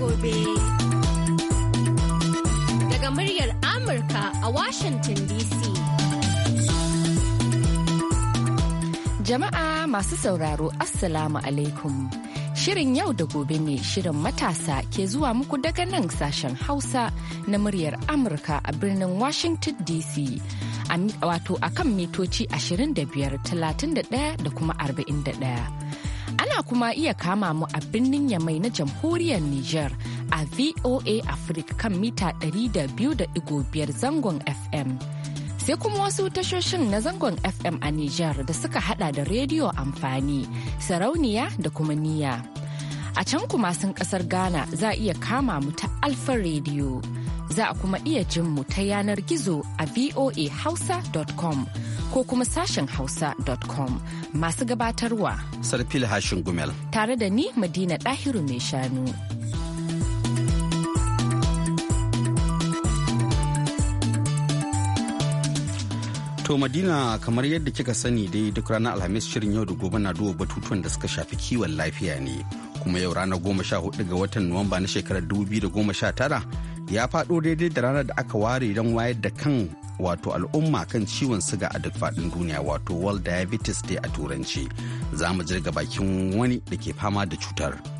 gobe. Daga muryar Amurka a Washington DC. Jama'a masu sauraro Assalamu alaikum. Shirin yau da gobe ne shirin matasa ke zuwa muku daga nan sashen Hausa na muryar Amurka a birnin Washington DC. Wato a kan mitoci 25, 31 da kuma 41. Ana kuma iya kama mu a birnin Yamai na jamhuriyar Nijar a VOA Africa kan mita 200.5 zangon FM. Sai kuma wasu tashoshin na zangon FM a Nijar da suka hada da rediyo amfani, sarauniya da kuma niya. A can kuma sun kasar Ghana za a iya kama mu ta Alfa rediyo Za a kuma iya jin mu ta yanar gizo a voahausa.com. ko kuma sashen hausa.com masu gabatarwa sarfil hashin gumel tare da ni madina Dahiru mai shanu To Madina kamar yadda kika sani dai duk ranar Alhamis shirin yau da gobe na duba batutuwan da suka shafi kiwon lafiya ne. Kuma yau ranar goma sha hudu ga watan Nuwamba na shekarar dubu da goma sha tara ya faɗo daidai da ranar da aka ware don wayar da kan wato al'umma kan ciwon siga a duk faɗin duniya wato world diabetes day a turanci za mu jirga bakin wani da ke fama da cutar.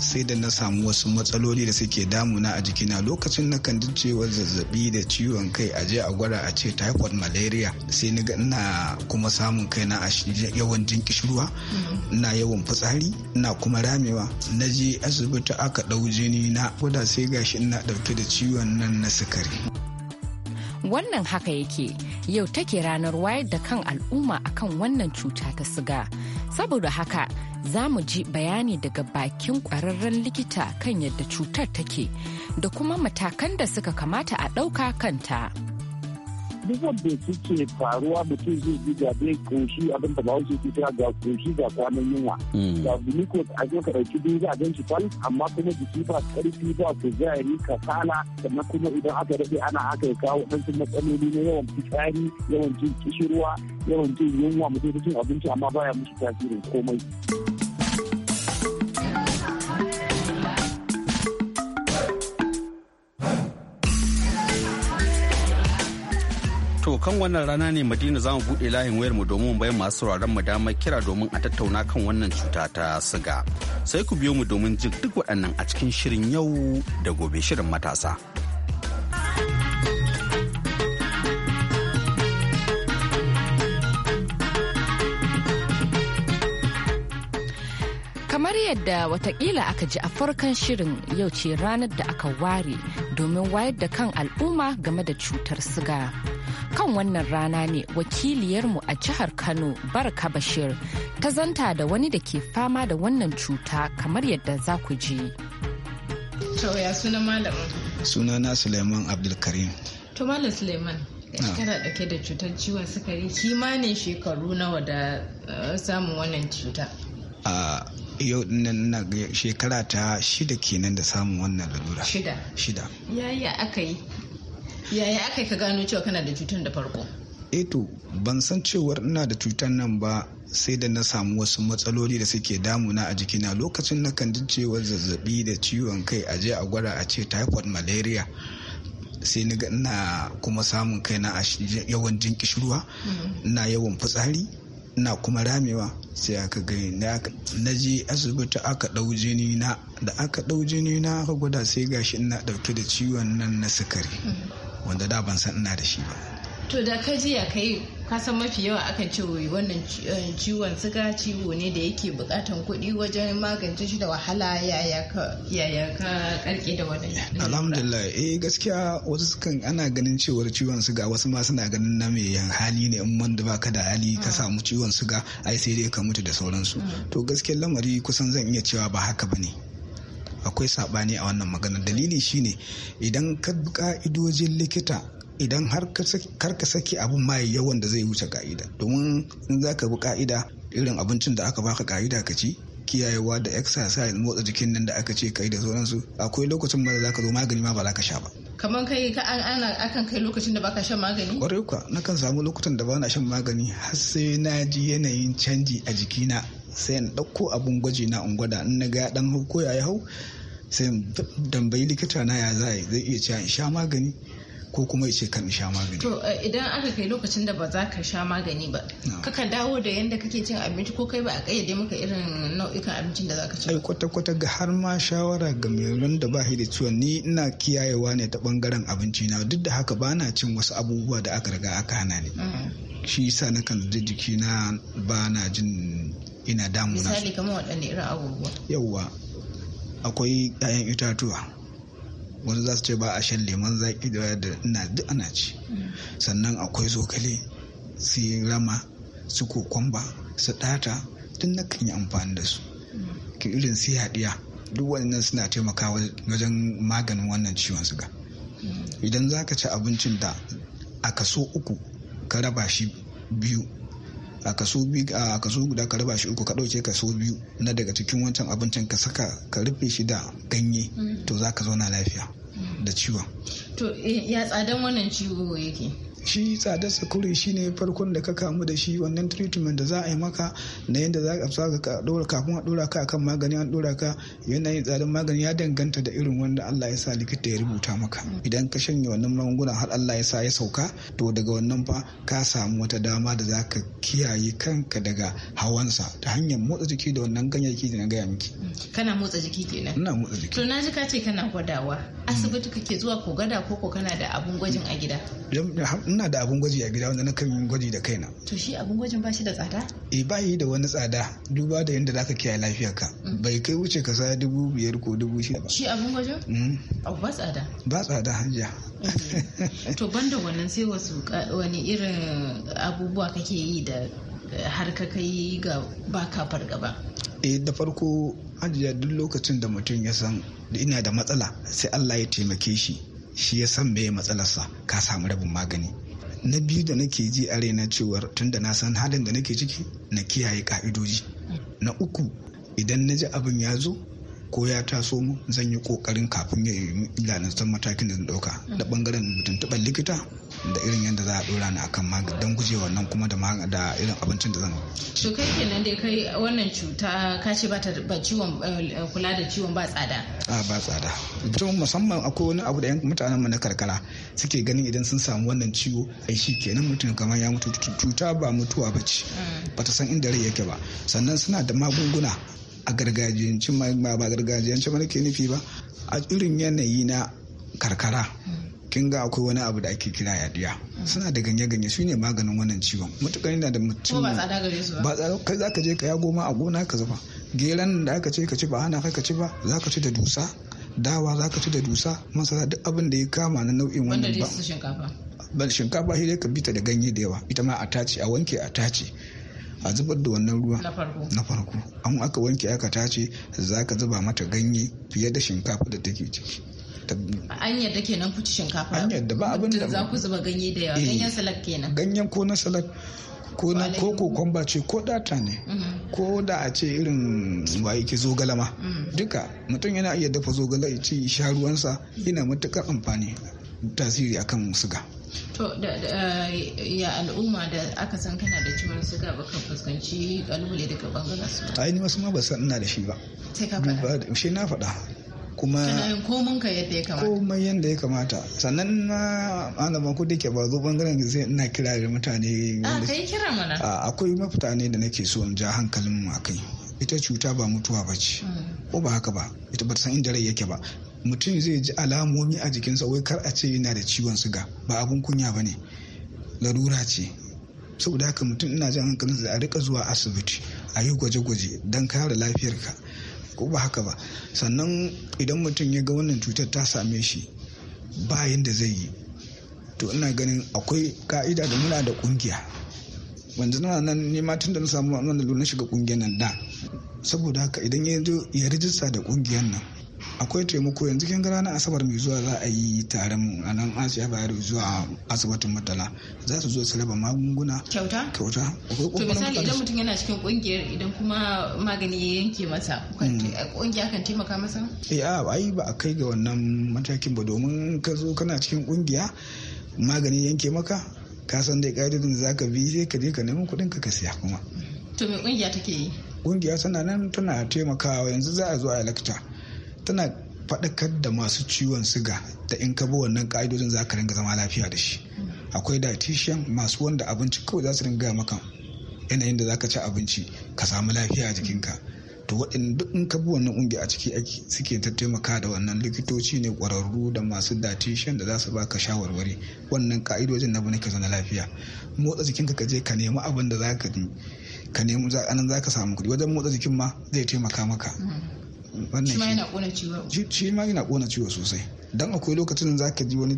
sai da na samu wasu matsaloli da suke damuna a jikina lokacin na kan cewa zazzabi da ciwon kai a je a gwara a ce typhoid malaria sai na ina kuma samun kaina a yawan jin kishirwa na yawan fitsari na kuma ramewa na je asibiti aka ɗau jini na gwada sai gashi ina ɗauke da ciwon nan na sukari wannan haka yake yau take ranar wayar da kan al'umma akan wannan cuta ta siga saboda haka za mu ji bayani daga bakin kwararren likita kan yadda cutar take da kuma matakan da suka kamata a ɗauka kanta. abubuwan da suke faruwa mutum zai ji da zai koshi abin da bawo su ta ga koshi ga kwanan yunwa hmm. ga glucose a zo ka ɗauki biyu za a gan shi fal amma kuma jiki ba karfi ba kala kasala sannan kuma idan aka daɗe ana aka yi kawo ɗansu matsaloli na yawan fitsari yawan jin kishirwa yawan jin yunwa mutum da cin abinci amma baya musu tasirin komai. kan wannan rana ne madina za mu buɗe layin wayar mu domin bayan masu sauraron mu damar kira domin a tattauna kan wannan cuta ta siga sai ku biyo mu domin jin duk waɗannan a cikin shirin yau da gobe shirin matasa kamar yadda watakila aka ji a farkon shirin yau ce ranar da aka ware domin wayar da kan al'umma game da cutar siga. kan wannan rana ne wakiliyarmu a jihar kano barka bashir ta zanta da wani da ke fama da wannan cuta kamar yadda za ku ji ya suna malamin suna na suleiman abdulkarim to malam suleiman kana dauke da cutar ciwon sukari kimanin shekaru nawa da uh, samun wannan cuta a yau na shekara ta shida kenan da samun wannan lalura shida shida yayi aka yi yaya aka yi ka gano cewa kana da cutar da farko eto eh ban san cewar ina da cutar nan ba sai da na samu wasu matsaloli da suke damuna a jikina lokacin na kan zazzabi da ciwon kai a je a gwada a ce typhoid malaria sai na ina kuma samun kaina a yawan jin kishirwa mm-hmm. ina yawan fitsari na kuma ramewa sai aka gani na je asibiti aka dau jini na da aka ɗau jini na aka gwada sai gashi ina ɗauke da ciwon nan na sukari mm-hmm. wanda da ban san ina da shi ba to da ka ji ya kai kasan mafi yawa akan ce wannan eh, ciwon suga ciwo ne da yake bukatan kuɗi wajen magance shi da wahala yaya ka karke da wannan alhamdulillah eh gaskiya wasu sukan ana ganin cewar ciwon suga wasu ma suna ganin na mai hali ne in wanda baka da hali ka mm. samu ciwon suga ai sai dai ka mutu da sauransu mm. to gaskiya lamari kusan zan iya cewa ba haka bane akwai saɓani a wannan magana dalili shine idan ka ka'idojin likita idan har ka saki abin ma yawan da zai wuce ka'ida domin in za ka bi ka'ida irin abincin da aka baka ka'ida ka ci kiyayewa da exercise motsa jikin nan da aka ce yi da sauransu akwai lokacin ma da zaka zo magani ma ba za ka sha ba kamar kai ka an ana akan kai lokacin da baka shan magani kwarai kuwa kan samu lokutan da ba na shan magani har sai na ji yanayin canji a jikina sai na ɗauko abin gwaji na ungwada in na ga ya ɗan hau ko ya hau sai dambayi likita na ya za zai iya cewa sha magani ko kuma ya ce kan sha magani. To eh, idan aka kai lokacin da ba za ka sha magani ba, ka dawo da yadda kake cin abinci ko kai ba a kayyade maka irin nau'ikan abincin da za ka ci. Ai kwata-kwata ga har ma shawara ga mai da ba da ciwon ni ina kiyayewa ne ta bangaren abinci na duk da haka ba na cin wasu abubuwa da aka riga aka hana ni. Mm. Shi yasa na kan ji jiki na ba na jin ina damuna. Misali kamar waɗanne irin abubuwa. Yawwa akwai 'ya'yan itatuwa wanda za su ce ba a shan lemon zaƙi da ina duk ana ci mm. sannan akwai zogale su rama su kokwamba su ɗata tun na kan yi amfani da su mm. Ki irin su haɗiya duk waɗannan suna taimakawa wajen maganin wannan ciwon suga mm. idan za ka ci abincin da a so uku ka raba shi biyu a kaso a kaso guda ka raba shi uku ka ɗauke kaso biyu na daga cikin wancan abincin ka saka ka rufe shi da ganye mm. to za ka zauna lafiya da ciwon. To ya tsadan wannan ciwo yake? shi tsadarsa kure shine farkon da ka kamu da shi wannan treatment da za a yi maka na yadda za a dora kafin a dora ka akan magani an dora ka yanayin tsadar magani ya danganta da irin wanda Allah ya sa likita ya rubuta maka idan ka shanye wannan magungunan har Allah ya sa ya sauka to daga wannan fa ka samu wata dama da za ka kiyaye kanka daga hawansa ta hanyar motsa jiki da wannan ganyayyaki da na gaya miki kana motsa jiki kenan ina motsa jiki to na ji ka ce kana gwadawa asibiti kake zuwa ko gada ko ko kana da abun gwajin a gida ina da abun gwaji a gida wanda kan yi gwaji da kaina to shi abun gwajin ba shi da tsada eh ba yi da wani tsada duba da yadda zaka kiyaye lafiyarka mm. bai kai wuce ka saya dubu biyar ko dubu shida ba shi abun gwajin mm. ba tsada ba tsada hajiya mm. to banda wannan sai wasu wani irin abubuwa kake yi da har ka kai ga baka fargaba eh da farko hajiya duk lokacin da mutum ya san ina da matsala sai Allah ya taimake shi shi ya san meye matsalarsa ka samu rabin magani na biyu da nake ji a raina cewar tunda na san halin da nake ciki na kiyaye ka'idoji na uku idan na ji abin ya zo ko ya taso mu zan yi kokarin kafin ya yi na san matakin da zan dauka da bangaren mutum taɓa likita da irin yadda za a dora ni akan magani don gujewa nan kuma da da irin abincin da zan to kai kenan dai kai wannan cuta ka ce ba ciwon eh, kula da ciwon ba tsada a ba tsada to musamman akwai wani abu da yan mutanen mu na karkara suke ganin idan sun samu wannan ciwo ai shi kenan mutum kamar ya mutu cuta ba mutuwa ba ce mm. ba ta san inda rai yake ba sannan suna da magunguna a gargajiyancin ma ba gargajiyancin ma ke nufi ba a irin yanayi na karkara kin ga akwai wani abu da ake kira yadiya suna da ganye-ganye su ne maganin wannan ciwon mutukar yana da mutum ba tsada kai za ka je ka ya goma a gona ka zuba geran da aka ce ka ci ba hana ka ci ba za ka ci da dusa dawa za ka ci da dusa masara duk abin da ya kama na nau'in wannan ba shinkafa ba shinkafa shi ka bita da ganye da yawa ita ma a tace a wanke a tace a zubar da wannan ruwa na farko an aka wanke aka tace za ka zuba mata ganye fiye da shinkafa da take ciki an yadda kenan ku ci shinkafa an yadda ba abin da za ku zuba ganye da yawa eh. ganyen salak kenan ganyen ko na salak ko na ko kokomba ce ko data ne mm-hmm. ko da a ce irin waye ke zogala ma mm. duka mutum yana iya dafa zogala ya ci sha ruwansa yana matukar amfani tasiri akan suga to da ya al'umma da aka san kana da ciwon suga ba kan fuskanci kalubale daga bangaren su ai ni wasu ma ba san ina da shi ba sai ka faɗa shi na faɗa kuma komin ka yadda ya kamata komai yadda ya kamata sannan na malama ko da ke ba zo bangaren zai ina kira da mutane ah, a kai kira mana akwai mafita ne da nake so in ja hankalin mu akai ita cuta ba mutuwa ba ce hmm. ko ba haka ba ita ba ta san inda rai yake ba mutum zai ji alamomi a jikinsa wai kar a ce yana da ciwon suga ba abun kunya ba ne larura ce saboda haka mutum ina jan hankalinsa da a rika zuwa asibiti a yi gwaje-gwaje don kare lafiyarka ko ba haka ba sannan idan mutum ya ga wannan cutar ta same shi bayan da zai yi to ina ganin akwai ka'ida da muna da kungiya wanzu na nan nema tun da na samu wannan lura na shiga kungiyar nan da saboda haka idan ya rijista da kungiyar nan akwai taimako yanzu kin ga ranar asabar mai zuwa za a yi taron a nan asiya da zuwa asibitin madala za su zo su raba magunguna kyauta kyauta to misali idan mutum yana cikin kungiyar idan kuma magani ya yanke masa kungiya mm. kan taimaka masa eh a ai ba a kai ga wannan matakin ba domin ka zo kana cikin kungiya magani yanke maka ka san dai ƙa'idodin za ka bi sai ka je ka neman kudin ka ka siya kuma to me kungiya take yi kungiya tana nan tana taimakawa yanzu za a zo a lakta tana faɗakar da masu ciwon siga da in ka bi wannan ka'idojin za ka ringa zama lafiya da shi akwai dietitian masu wanda abinci kawai za su ringa maka yanayin da za ka ci abinci ka samu lafiya a jikinka to waɗanda duk in ka bi wannan ƙungiya a ciki suke ta taimaka da wannan likitoci ne ƙwararru da masu dietitian da za su baka shawarwari wannan ka'idojin na bane ka zama lafiya motsa jikinka ka je ka nemi abin da za ka ka nemi anan za ka samu kuɗi wajen motsa jikin ma zai taimaka maka shi ma yana kona ciwo shi ma yana kona ciwo sosai dan akwai lokacin za ka ji wani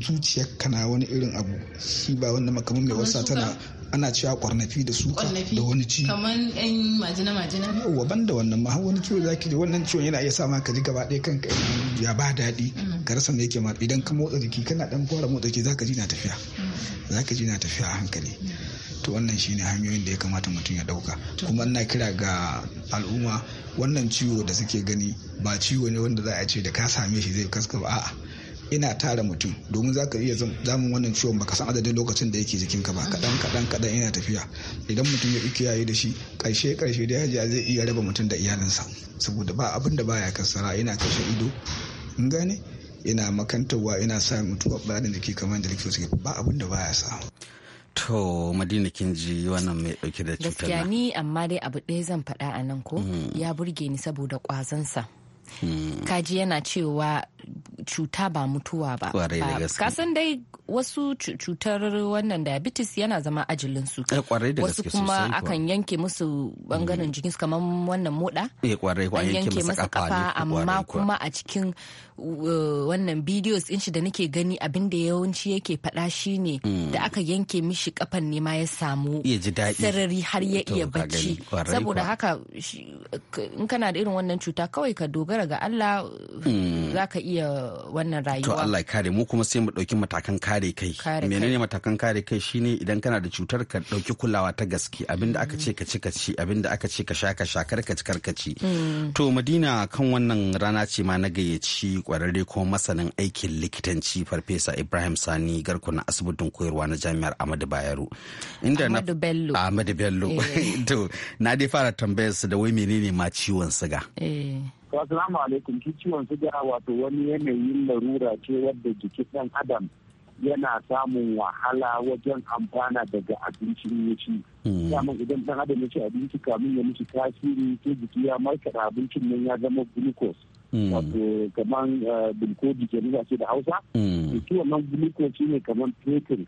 zuciyar kana wani irin abu shi ba wanda makamin mai wasa tana ana cewa kwarnafi da suka da wani ci kamar yan majina majina yauwa ban da wannan ma wani ciwo zaki ji wannan ciwon yana iya sa ma ka ji gaba ɗaya kanka ya ba daɗi mm. ka rasa me yake ma idan ka motsa jiki kana dan fara motsa jiki zaka ji na tafiya mm. zaka ji na tafiya a hankali mm. to wannan shine hanyoyin da ya kamata mutum ya dauka kuma ina kira ga al'umma wannan ciwo da suke gani ba ciwo ne wanda za a ce da ka same shi zai kaska ba a'a ina tara mutum domin za ka iya zamun wannan ciwon ka san adadin lokacin da yake jikinka ba kadan kadan kadan ina tafiya idan mutum ya kiyaye da shi karshe karshe da hajiya zai iya raba mutum da iyalinsa saboda ba abin da baya kasara ina kashe ido in gane ina makantarwa ina sa mutuwa bayanin jiki kamar da likitoci ba abin da baya sa To Madina kin ji wannan mai dauke da cutar. Gaskiya ni amma dai abu ɗaya zan faɗa a nan ko mm. ya burge ni saboda sa kaji yana cewa cuta ba mutuwa ba kasan dai wasu cutar wannan diabetes yana zama ajilinsu eh, wasu kuma akan yanke musu bangaren mm. jikin su kamar wannan moda eh, an yanke masa kafa amma kuma a cikin uh, wannan videos in shi da nake gani abin da yawanci yake faɗa shine mm. da aka yanke mishi kafan ne ma ya samu sarari har ya iya bacci saboda haka in kana da irin wannan cuta kawai ka dogara dogara ga Allah mm. za ka iya wannan rayuwa. To Allah kare mu kuma sai mu ɗauki matakan kare kai. Menene matakan kare kai shine idan kana da cutar ka ɗauki kulawa ta gaske abinda aka ce ka ci ka ci abinda aka ce ka sha ka sha kar ka ci kar ka ci. Mm. To Madina kan wannan rana ce ma na gayyaci kwararre kuma masanin aikin likitanci Farfesa Ibrahim Sani garku na asibitin koyarwa na Jami'ar Ahmadu Bayero. Inda Ahmadu Bello. Ahmadu Bello. Eh. To na dai fara tambayar su da wai menene ma ciwon siga. Eh. Assalamu alaikum ki ciwon suga wato wani yanayin larura ce wadda jiki dan adam yana samun wahala wajen amfana daga abincin ya ci. Samun hmm. idan ɗan adam ya ci abinci kamin ya mishi tasiri ko jiki ya markaɗa abincin nan ya zama glucose. Hmm. Wato kamar eh, bilkoji ke ce da Hausa. Ciwon hmm. nan glucose ne kaman protein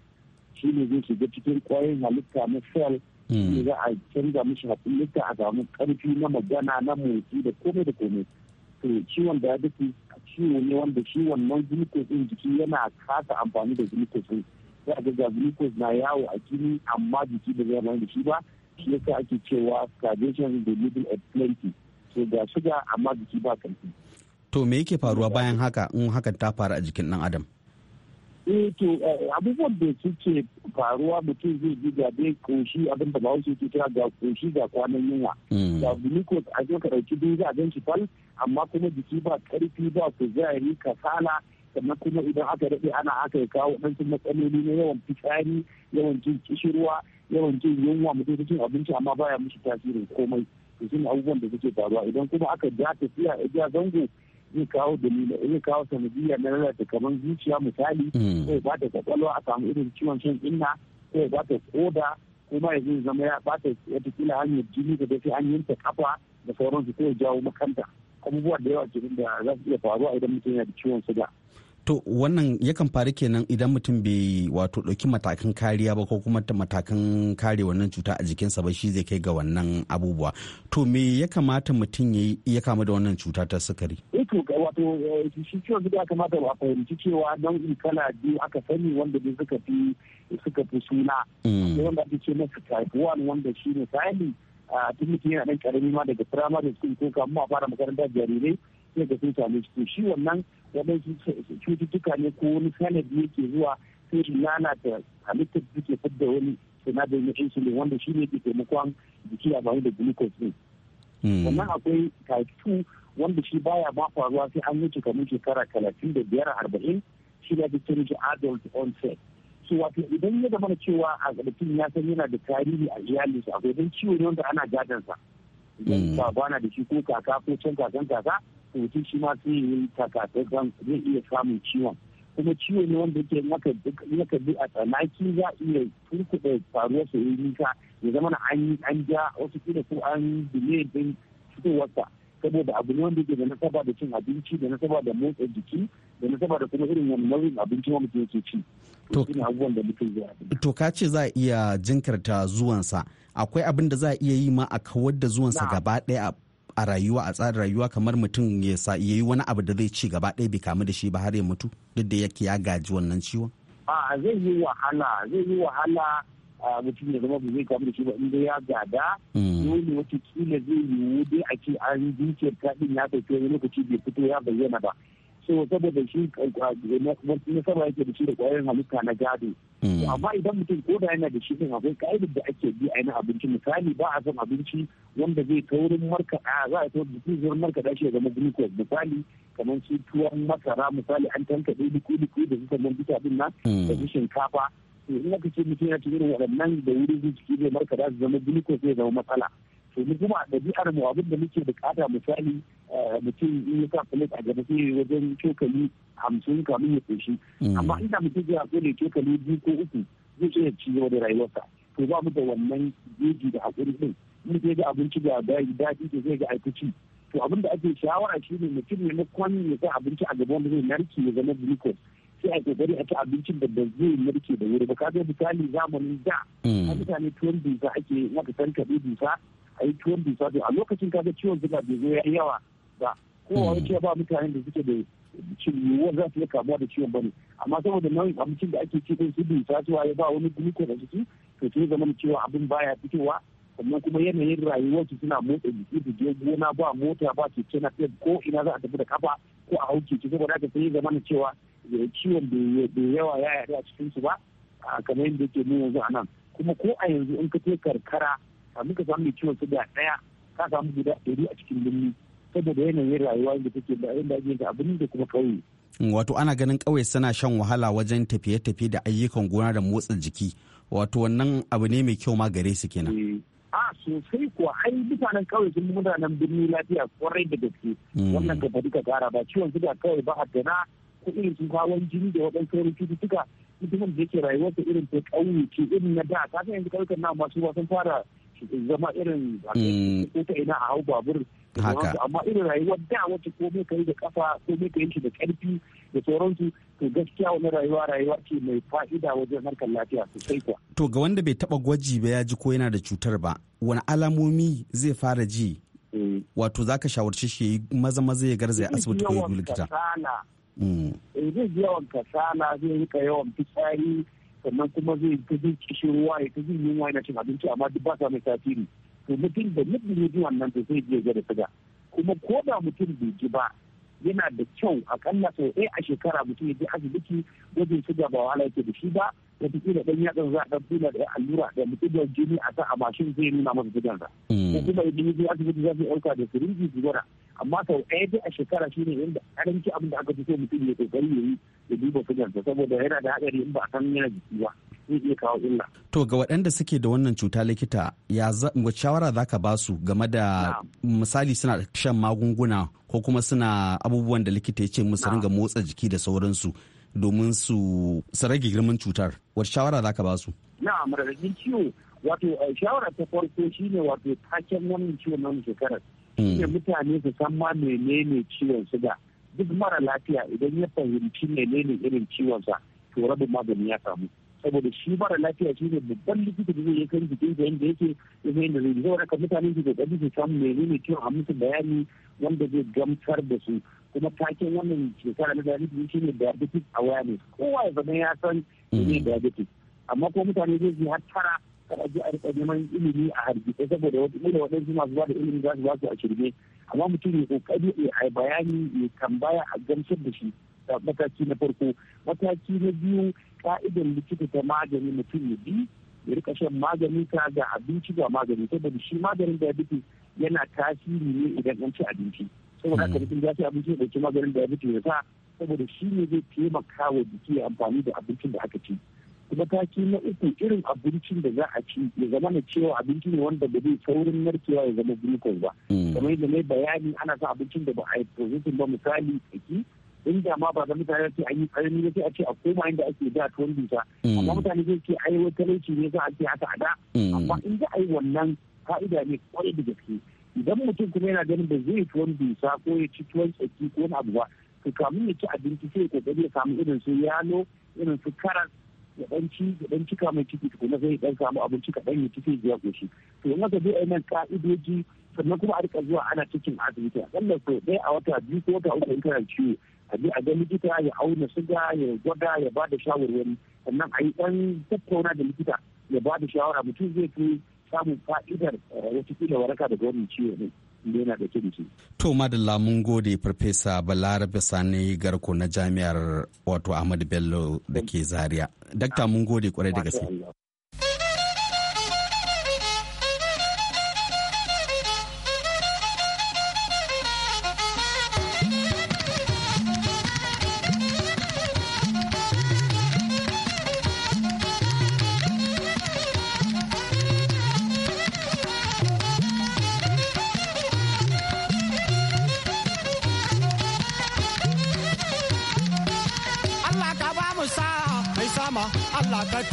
ne zai shiga cikin kwayoyin halitta na cell ne za a canza mishi hakullika a samu karfi na magana na motsi da komai da komai to ciwon diabetes ciwo ne wanda shi wannan glucose din jiki yana kasa amfani da glucose za a ga glucose na yawo a jini amma jiki ba zai amfani da shi ba shi yasa ake cewa starvation the middle of plenty so ga suga amma jiki ba karfi to me yake faruwa bayan haka in hakan ta faru a jikin dan adam eh to eh, abubuwan da suke faruwa mutum zai ji ga dai koshi abin da ba wasu ke kira ga koshi ga kwanan yunwa hmm. ga glucose a ka dauki dai za a gan shi fal amma kuma jiki ba karfi ba kuzari kasala sannan kuma idan aka daɗe ana aka yi kawo ɗansu matsaloli na yawan fitsari yawan jin kishirwa yawan jin yunwa mutum cin abinci amma baya mishi tasirin komai to abubuwan da suke faruwa idan kuma aka ja tafiya ja zango zai kawo dalila ya kawo sanadiyya na lalata kamar zuciya misali Ko hmm. ba ta kwakwalwa a samu irin ciwon shan inna Ko ba ta koda kuma ya zama ya ba ta fila hanyar jini da dafi hanyar ta kafa da sauransu ko ya jawo makanta abubuwa da yawa cikin da za su iya faruwa idan mutum yana da ciwon suga to wannan yakan faru kenan idan mutum bai wato ɗauki matakan kariya ba ko kuma matakan kare wannan cuta a jikinsa ba shi zai kai ga wannan abubuwa to me ya kamata mutum ya yi ya kamu da wannan cuta ta sukari eh to wato eh, shi ciwon ya kamata a fahimci cewa in kana biyu aka sani wanda dai suka fi suka fi suna mm. wanda ake ce masa type 1 wanda shi ne misali a tun mutum yana ɗan ƙarami ma daga primary school ko kamun a fara makarantar jarirai sai da sun same shi shi wannan wannan cututtuka ne ko wani sanadi yake zuwa sai shi lalata halittar da ke fidda wani sinadari na insulin wanda shi ne ke taimakon jiki a bayan da glucose ne. Hmm. Sannan akwai type 2 wanda shi baya ba faruwa sai an wuce kamar shekara talatin da biyar arba'in shi da ake shi adult onset. So wato idan ya zama cewa a ya san yana da tarihi a iyalinsa akwai don ciwo ne wanda ana gadansa. Idan hmm. baba na da shi ko kaka ko can kakan kaka mutum shi ma sun ya takatar kan zai iya samun ciwon kuma ciwo ne wanda ke maka bi a tsanaki za a iya turkuɗa faruwar su yi nisa ya zama an an ja wasu kila ko an dile din fitowarsa saboda abu ne wanda ke da nasaba da cin abinci da nasaba da motsa jiki da nasaba da kuma irin wani nau'in abinci wanda yake ci to to ka ce za a iya jinkirta zuwansa akwai abin da za a iya yi ma a kawar da zuwansa gaba ɗaya a rayuwa a tsarin rayuwa kamar mutum ya yi wani abu da zai ci gaba ɗaya bai kamu da shi ba har ya mutu duk da yake ya gaji wannan ciwon. a zai yi wahala zai yi wahala mutum ya zama ba zai kamu da shi ba inda ya gada hmm. dole wata kila zai yiwu dai a ce an zuciyar ta ya kai wani lokaci bai fito ya bayyana ba so saboda shi eh, eh, nasaba yake da shi da kwayoyin halitta na gado mm. amma idan mutum ko da yana da shi din akwai ka'idar da ake bi a yana abinci misali ba a son abinci wanda zai taurin markaɗa za a taurin jikin marka markaɗa shi ya zama glucose misali kamar su tuwon masara misali an tankaɗe duku duku da suka man bita din nan da mm. su shinkafa to in aka ce mutum ya ci irin waɗannan da wuri zuciki zai markaɗa su zama glucose zai zama matsala to mu kuma da ɗabi'ar mu abin da muke bukata misali eh, mutum in ya sa plate a gaba sai wajen cokali hamsin kamin ya koshi mm. amma inda mutum zai so ne cokali biyu ko uku zai so ya ci da rayuwarsa to ba mu da wannan jeji da hakuri din in zai ga abinci da daɗi da zai ga aikaci to abin da ake shawara shi ne mutum ne na kwanin ya sa abinci a gaba wanda zai narke ya zama glucose sai a kokari a ci abincin da ba zai narke da wuri ba kaga misali zamanin da a mm. mutane tuwon dusa ake maka tankaɗe dusa a yi tuwon dusa a lokacin kaga ciwon suga bai zo ya yawa ba ko wani hmm. ba mutanen da suke da yiwuwar za su yi kamuwa da ciwon bane amma saboda nau'in abincin da ake ci ko su dusa su ya ba wani glucose da su to sai zama cewa abin baya fitowa sannan kuma yanayin rayuwar su suna motsa jiki su je gona ba mota ba keke na ko ina za a tafi da kafa ko a hauke saboda haka sai zama cewa eh, ciwon bai yawa ya yaɗu a cikinsu ba kamar yadda yake nuna yanzu a nan kuma ko a yanzu in ka ce karkara a muka samu ciwon suga ɗaya ka samu guda ɗari a cikin birni saboda yanayin rayuwa da take da yanda ake da abin da kuma kauye wato ana ganin kauye suna shan wahala wajen tafiye-tafiye da ayyukan gona da motsa jiki wato wannan abu ne mai kyau ma gare su kenan. Eh, a sosai kuwa ai mutanen kawai sun mutanen birni lafiya kwarai da gaske hmm. wannan ka fadi ka gara ba ciwon suga kawai ba a gana ko irin su jini da waɗansu sauran cututtuka mutumin da yake rayuwarsa irin ta kauye ce irin na da ka san yanzu ƙauyukan na masu wasan fara zama irin mm. ko ta ina a hau babur haka amma irin rayuwar da wata komai yi da kafa komai ka yanki da karfi da sauransu to gaskiya wani rayuwa rayuwa ce mai fa'ida wajen harkar lafiya sosai kuwa to ga wanda bai taba gwaji ba ya ji ko yana da cutar ba wani alamomi zai fara ji eh. wato zaka shawarci shi maza maza ya garzaya asibiti ko ya likita mm. eh, zai yawan kasala zai rika yawan fitsari sannan kuma zai ta kishi ruwa ya ta zai yunwa na cin abinci amma duk ba sa mai tasiri to mutum da mutum ya ji wannan da zai je da suga kuma ko da mutum bai ji ba yana da kyau akalla sau ɗaya a shekara mutum ya je asibiti gwajin suga ba wahala yake da shi ba da da dan yatsan za a ɗan tuna da allura da da jini a sa a mashin zai nuna masa gidansa hmm. ko kuma idan ya zo asibiti za su ɗauka da sirinji su gwada amma sau ɗaya dai a shekara shi ne yadda ƙaranci abin da aka fi so mutum ya kokari ya yi ya duba sugarsa saboda yana da haɗari in ba a san yana jiki ba zai iya kawo illa. To ga waɗanda suke da wannan cuta likita ya shawara za ka ba su game da misali suna shan magunguna ko kuma suna abubuwan da likita ya ce musu ringa motsa jiki da sauransu domin su sarage girman cutar wata shawara za ka ba su na'am radadin ciwo wato eh, shawara ta farko shine wato taken wannan ciwo nan shekarar hmm. shine mutane su san ma menene ciwon suga duk mara lafiya idan ya fahimci menene irin ciwon sa to rabin magani ya samu saboda shi mara lafiya shi ne babban likita da zai yi kan jikin da yanda yake ya zai da zai mutane su kokari su san menene ciwon a musu bayani wanda zai gamsar da su kuma taken wannan shekara na diabetes shi ne diabetes awareness kowa ya zama ya san ne mm. diabetes amma ko mutane zai ji har tara kada ji a rika neman ilimi a hargitse saboda wata kila waɗansu masu ba da ilimi za su ba a shirme amma mutum ya kokari ya bayani ya tambaya a gamsar da shi mataki na farko mataki na biyu ka'idar likita ta magani mutum ya bi ya rika shan magani ta ga abinci ga magani saboda shi maganin diabetes yana tasiri ne idan an ci abinci saboda haka hmm. mutum ya abinci ya dauki maganin da ya fito ya sa saboda shi ne zai taimaka wa jiki ya amfani da abincin da aka ci kuma taki na uku irin abincin da za a ci ya zama na cewa abinci ne wanda ba zai saurin narkewa ya zama glucose ba hmm. kamar yadda mai bayani ana sa abincin da ba a yi processing ba misali in da ma ba da mutane ce a yi karami ne sai a ce a koma inda ake da tuwon bisa hmm. amma mutane zai ce ai wata talauci ne za a ce haka a da amma in za a yi wannan fa'ida ne kwarai da gaske idan mutum kuma yana ganin ba zai fi wani dusa ko ya ci tuwon tsaki ko wani abu ba to kamun ya ci abinci sai ya kokari ya samu irin su yalo irin su karas ya dan ci ya dan cika mai ciki tukuna sai ya dan samu abinci kaɗan ya ci sai ya shi to in aka bi ainihin ka'idoji sannan kuma a rika zuwa ana cikin asibiti akalla sau ɗaya a wata biyu ko wata uku in kana ciwo a je a ga likita ya auna suga ya gwada ya ba da shawarwari sannan a yi ɗan tattauna da likita ya ba da shawara mutum zai fi samun fa'idar da waraka da wannan ciwo ne yana da kirki. To madalla mun gode farfesa Balarabe Sani Garko na jami'ar wato Ahmadu Bello da ke Zaria. Dakta mun gode kwarai da gaske.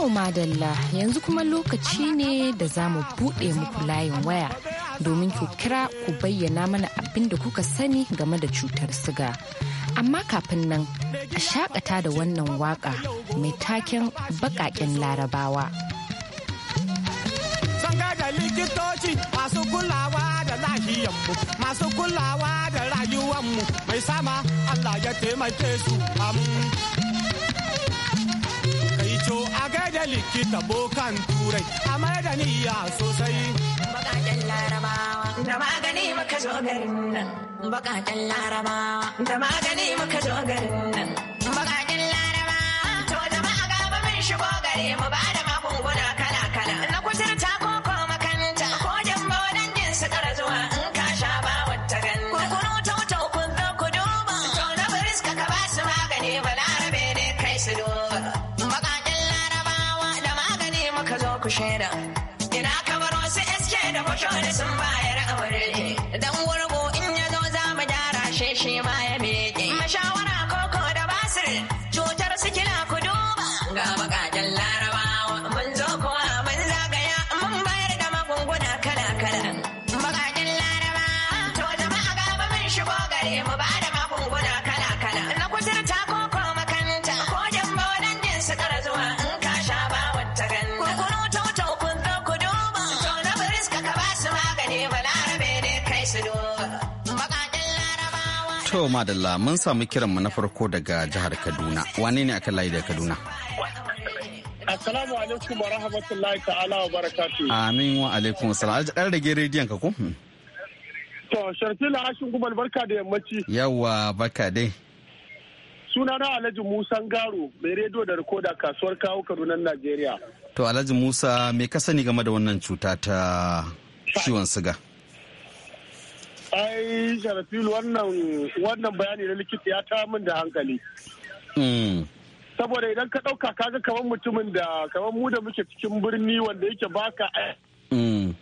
To madalla yanzu kuma lokaci ne da za mu buɗe muku layin waya domin ku kira ku bayyana mana abin da kuka sani game da cutar siga. Amma kafin nan a shakata da wannan waka mai taken baƙaƙen larabawa. da likitoci masu kulawa da lahiyanmu masu kulawa da rayuwanmu mai sama Allah ya taimake su amma yaro a gaida likita bokan turai a da ya sosai. Bakaken larabawa da magani muka zo garin nan. Bakaken larabawa da magani muka zo garin nan. Bakaken larabawa to jama'a gaba mun shigo gare mu ba da magunguna kan somebody. To madalla mun samu kiranmu na farko daga jihar Kaduna. Wane ne aka layi daga Kaduna? Assalamu alaikum wa rahmatullahi ta'ala wa barakatu. Amin wa alaikum salam. Aji ɗan rage rediyon ka ko? To la Hashin Gubal barka da yammaci. Yawwa barka dai. Suna na Alhaji Musa Ngaro mai rediyo da rikoda kasuwar kawo Kaduna Najeriya. To Alhaji Musa me ka sani game da wannan cuta ta ciwon siga? ai sharafilu wannan wannan bayani na likita ya ta min da hankali mm. saboda idan ka ɗauka kaga kamar mutumin da kamar mu da muke cikin birni wanda yake baka mm.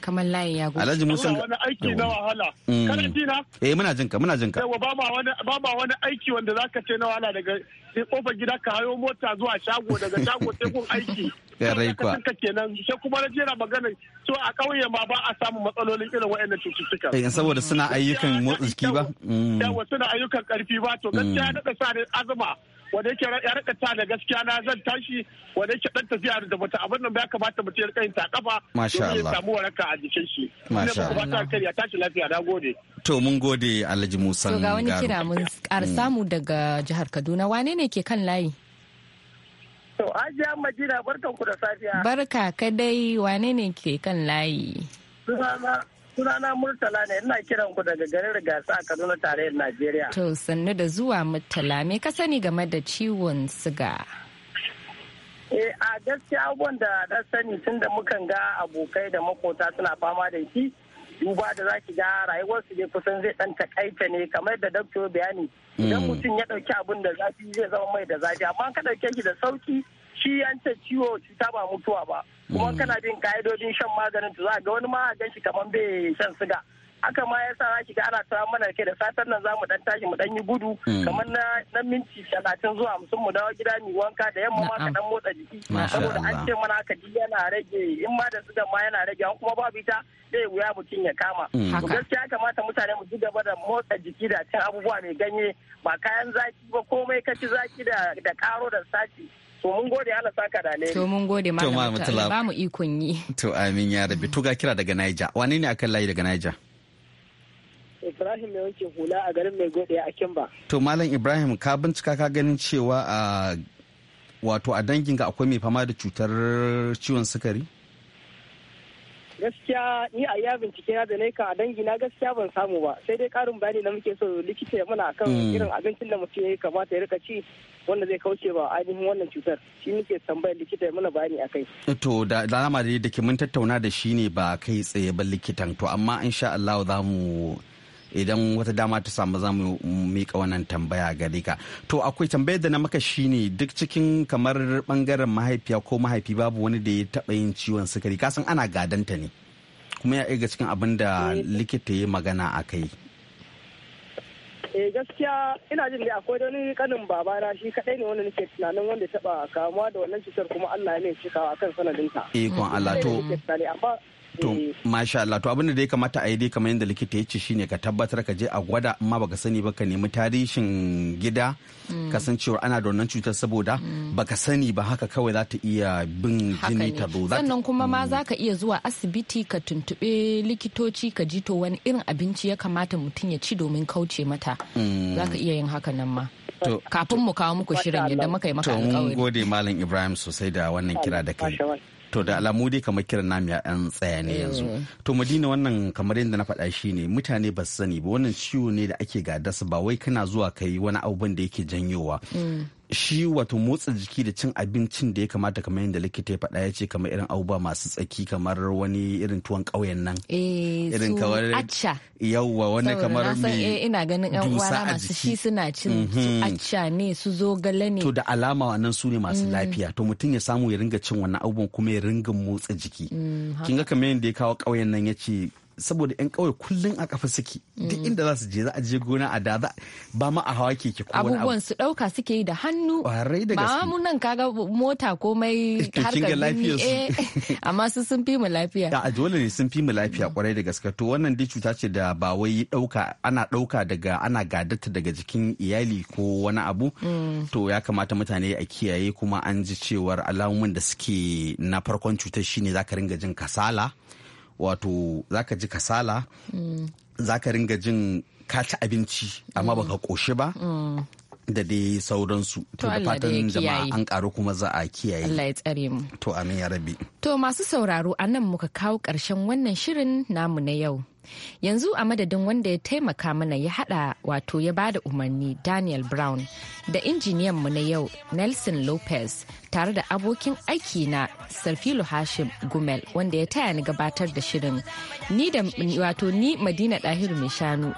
kamar layi ya gudu. Alhaji Musa wani aiki na wahala. Mm. Kana Eh muna jin ka muna jin ka. Yawa ba ma wani ba ma wani aiki wanda zaka ce na wahala daga sai kofar gida ka hayo mota zuwa shago daga shago sai kun aiki. Garai kuwa. kenan sai kuma na jera magana so a ƙauye ma ba a samu matsalolin irin waɗannan cututtuka. Eh saboda suna ayyukan motsa jiki ba. Mm. Yawa suna ayyukan ƙarfi ba to gaskiya mm. daɗa sa ne azuma wanda yake ya rika ta da gaskiya na zan tashi wanda yake dan tafiya da bata abin nan ya kamata mutum ya rika yin takafa masha Allah samu waraka a jikin shi masha Allah ba ta ya tashi lafiya na gode to mun gode Alhaji Musa to ga wani kira mun mm. samu daga jihar Kaduna wane ne ke kan layi To, Hajiya Majina barkan ku da safiya. Barka kadai wane ne ke kan layi? Sunana Murtala ne ina kiran ku daga garin Rigasa a Kaduna tarayyar Najeriya. To, sannu da zuwa Murtala me ka sani game da ciwon siga? Eh, a gaskiya abubuwan da na sani tun da mukan ga abokai da makota suna fama da shi. duba da za ki ga rayuwarsu dai kusan zai dan takaita ne kamar da dokto bayani idan mm. mutum ya ɗauki abin da zafi zai zama mai da zafi amma ka dauke shi da sauki shi an ciwo cuta ba mutuwa ba kuma mm. kana bin ka'idodin shan maganin tu za ga wani ma gan shi kamar bai shan siga haka ma ya sa ki ga ana ta mana ke da satar nan zamu dan tashi mu dan yi gudu hmm. kamar na na minti 30 zuwa 50 mu dawo gida mu wanka da yamma ma ka dan motsa jiki saboda an ce mana haka ji yana rage in ma da suga ma yana rage an kuma babu ita zai wuya mutum ya kama hmm. to gaskiya kamata mutane mu ji gaba da motsa jiki da cin abubuwa mai ganye ba kayan zaki ba komai ka ci zaki da da karo da sati To mun gode Allah saka da alheri. To mun gode Malam Mutala. Ba mu ikon yi. To amin ya rabi. To ga kira daga Niger. Wane ne akan layi daga Niger? Ibrahim mai wanke hula a garin mai gode a Kimba. To Malam Ibrahim ka bincika ka ganin cewa a wato a danginka akwai mai fama da cutar ciwon sukari? Gaskiya ni a iya bincike na da naika a dangi na gaskiya ban samu ba sai dai karin bayani na muke so likita ya mana akan mm. irin abincin da mutum ya kamata ya rika ci wanda zai kauce ba ainihin wannan cutar shi muke tambayar likita ya mana bayani akai. To da alama da ke mun tattauna da shi ne ba kai tsaye ba likitan to amma insha Allah za mu idan wata dama ta samu za mu miƙa wannan tambaya gare ka to akwai tambayar da na maka shine duk cikin kamar bangaren mahaifiya ko mahaifi babu wani da ya taɓa yin ciwon sukari kasan ana gadanta ne kuma ya ga cikin abin da eh. likita ya magana a kai eh gaskiya ina jin da akwai wani kanin babana shi kadai ne wanda nake tunanin wanda ya taba kamuwa da wannan cutar kuma Allah ya ne cikawa akan sanadinta eh Allah to amma To, eh. masha Allah, to abin da ya kamata a yi dai kamar yadda likita ya ce shine ka tabbatar ka je a gwada amma baka sani ba ka nemi tarihin gida mm. kasancewar ana da wannan cutar saboda mm. baka sani ba haka kawai za ta iya bin jini ta zo. Sannan kuma ma mm. za ka iya zuwa asibiti ka tuntuɓe likitoci ka ji to wani irin abinci ya kamata mutum ya ci domin kauce mata. Za ka iya yin haka nan ma. Kafin mu kawo muku shirin yadda muka yi maka alƙawari. To mun gode Malam Ibrahim sosai da wannan kira da kai. to da alamu dai kamar kiran namu ya yan tsaya ne yanzu eh. to madina wannan kamar yadda na faɗa shi ne mutane ba su sani ba wannan ciwo ne da ake gadasa ba wai kana zuwa kai wani abubuwan da yake janyowa mm. shi wato motsa jiki da cin abincin da ya kamata kamar yadda likita ya faɗa ya ce kamar irin abubuwa masu tsaki kamar wani irin tuwon ƙauyen nan eh, irin kawar yawwa wani kamar mai eh, ina ganin yan uwana masu shi suna cin su mhm. acca ne su zo gale ne to da alama wannan su ne masu mm. lafiya to mutum ya samu ya ringa cin wannan abubuwan kuma ya ringa motsa jiki mm, kin ga kamar yadda ya kawo ƙauyen nan ya ce saboda yan kauye kullum a kafa suke duk inda za su je za a je gona a da ba ma a hawa keke ko wani abubuwan su dauka suke yi da hannu ba mu nan kaga mota komai harkar lafiyar su eh, amma su sun fi mu lafiya a dole ne sun fi mu lafiya kwarai da gaske to wannan dai cuta ce da ba wai dauka ana dauka daga ana gadata daga jikin iyali ko wani abu mm. to ya kamata mutane a kiyaye kuma an ji cewar alamomin da suke na farkon cutar shine zaka ringa jin kasala wato zaka ji kasala zaka ringa jin ka abinci amma baka koshi ba da dai sauransu to da fatan jama'a an karu kuma za a kiyaye Allah ya tsare mu to amin ya rabi to masu sauraro a nan muka kawo ƙarshen wannan shirin namu na yau yanzu a madadin wanda ya taimaka mana ya hada wato ya bada umarni daniel brown da injiniyan mu na yau nelson lopez tare da abokin aiki na sarfilo hashim gumel wanda ya taya ni gabatar da shirin ni da wato ni madina dahiru mai shanu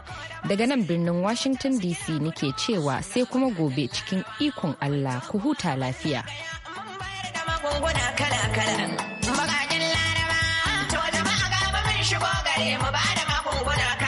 daga nan birnin washington dc nike cewa sai kuma gobe cikin ikon allah ku huta lafiya. Magunguna kala-kala. shigo gare mu ba da magunguna